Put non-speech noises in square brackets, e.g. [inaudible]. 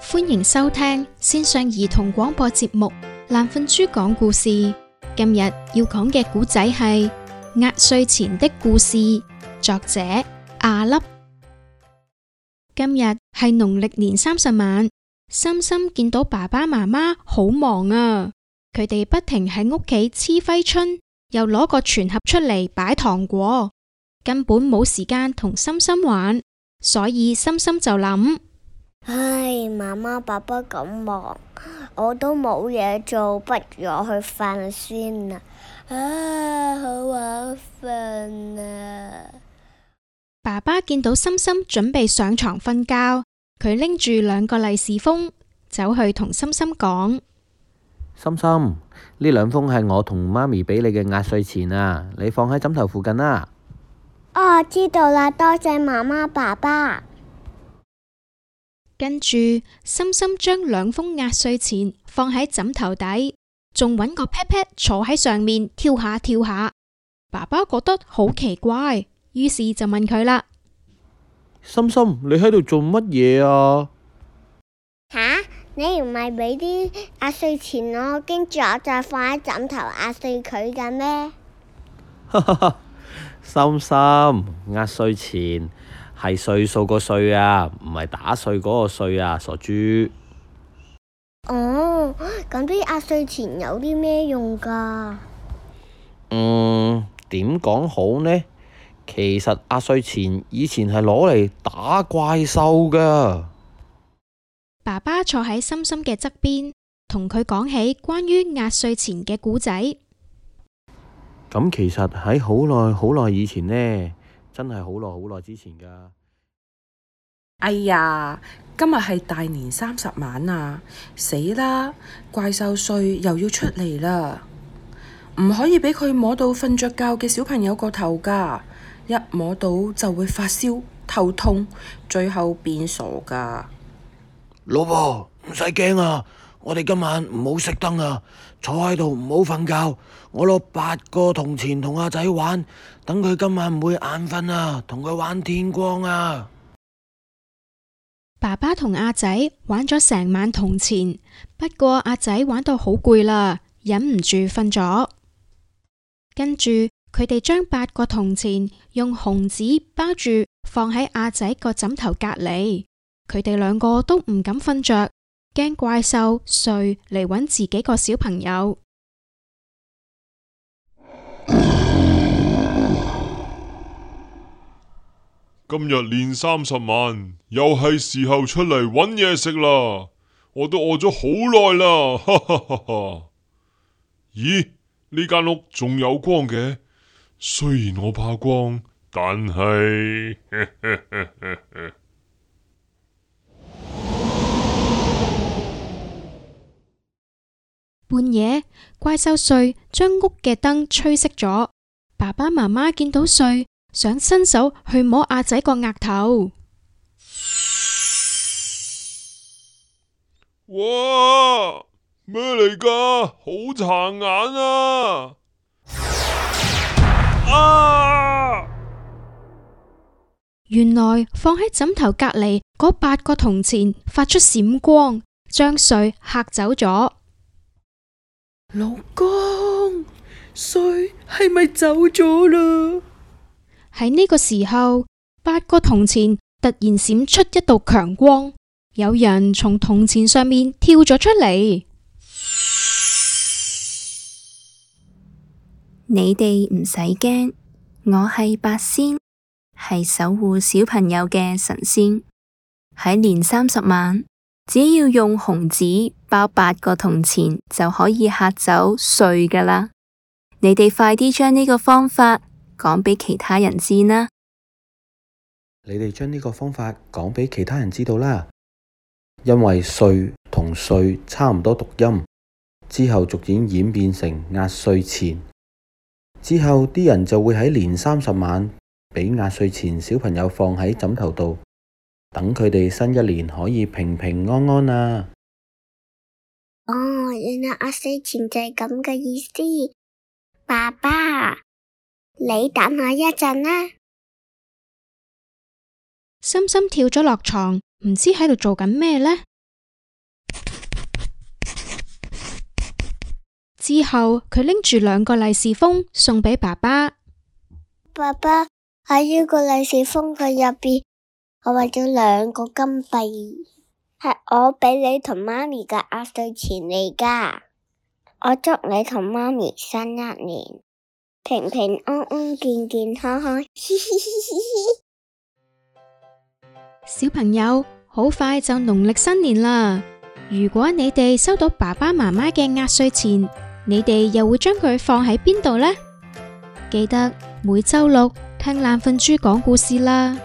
歡迎收聽線上兒童廣播節目《爛瞓豬講故事》。今日要講嘅故仔係壓歲錢的故事，作者阿、啊、粒。今日係農曆年三十晚，心心見到爸爸媽媽好忙啊，佢哋不停喺屋企黐揮春，又攞個全盒出嚟擺糖果，根本冇時間同心心玩，所以心心就諗。唉，媽媽爸爸咁忙，我都冇嘢做，不如我去瞓先啦。啊，好眼瞓啊！爸爸見到心心準備上床瞓覺，佢拎住兩個利是封，走去同心心講：心心，呢兩封係我同媽咪俾你嘅壓歲錢啊，你放喺枕頭附近啊。哦，知道啦，多謝媽媽爸爸。跟住，深深將兩封壓歲錢放喺枕頭底，仲揾個 pat pat 坐喺上面跳下跳下。爸爸覺得好奇怪，於是就問佢啦：深深，你喺度做乜嘢啊？吓，你唔係俾啲壓歲錢我，跟住我再放喺枕頭壓碎佢嘅咩？哈哈，深深，壓歲錢。係歲數個歲啊，唔係打碎嗰個碎啊，傻豬！哦，咁啲壓歲錢有啲咩用噶？嗯，點講好呢？其實壓歲錢以前係攞嚟打怪獸噶爸爸坐喺深深嘅側邊，同佢講起關於壓歲錢嘅故仔。咁、嗯、其實喺好耐好耐以前呢？真係好耐好耐之前噶。哎呀，今日係大年三十晚啊！死啦，怪獸祟又要出嚟啦！唔可以俾佢摸到瞓着覺嘅小朋友個頭噶，一摸到就會發燒、頭痛，最後變傻噶。老婆，唔使驚啊！我哋今晚唔好熄燈啊，坐喺度唔好瞓覺。我攞八個銅錢同阿仔玩，等佢今晚唔會眼瞓啊，同佢玩天光啊。爸爸同阿仔玩咗成晚銅錢，不過阿仔玩到好攰啦，忍唔住瞓咗。跟住佢哋將八個銅錢用紅紙包住，放喺阿仔個枕頭隔籬。佢哋兩個都唔敢瞓着。驚怪獸睡嚟揾自己個小朋友。今日年三十晚，又係時候出嚟揾嘢食啦！我都餓咗好耐啦。咦？呢間屋仲有光嘅？雖然我怕光，但係。 [laughs] 半夜，怪獸睡將屋嘅燈吹熄咗。爸爸媽媽見到睡，想伸手去摸阿仔個額頭。哇，咩嚟？噶好殘眼啊！啊！原來放喺枕頭隔籬嗰八個銅錢發出閃光，將睡嚇走咗。老公，衰係咪走咗啦？喺呢個時候，八個銅錢突然閃出一道強光，有人從銅錢上面跳咗出嚟。你哋唔使驚，我係八仙，係守護小朋友嘅神仙。喺年三十晚。只要用紅紙包八個銅錢就可以吓走祟噶啦！你哋快啲將呢個方法講俾其他人知啦！你哋將呢個方法講俾其他人知道啦，因為祟同歲差唔多讀音，之後逐漸演、演變成壓歲錢，之後啲人就會喺年三十晚俾壓歲錢小朋友放喺枕頭度。等佢哋新一年可以平平安安啊。哦，原來壓歲錢就係咁嘅意思。爸爸，你等我一陣啦，啊。心心跳咗落床，唔知喺度做緊咩呢？ [noise] 之後佢拎住兩個利是封送俾爸爸。爸爸喺呢個利是封佢入邊。我為咗兩個金幣，係我畀你同媽咪嘅壓歲錢嚟噶我祝你同媽咪新一年平平安安，健健康康。 [laughs] 小朋友，好快就農曆新年啦！如果你哋收到爸爸媽媽嘅壓歲錢，你哋又會將佢放喺邊度呢？記得每週六聽懶瞓豬講故事啦！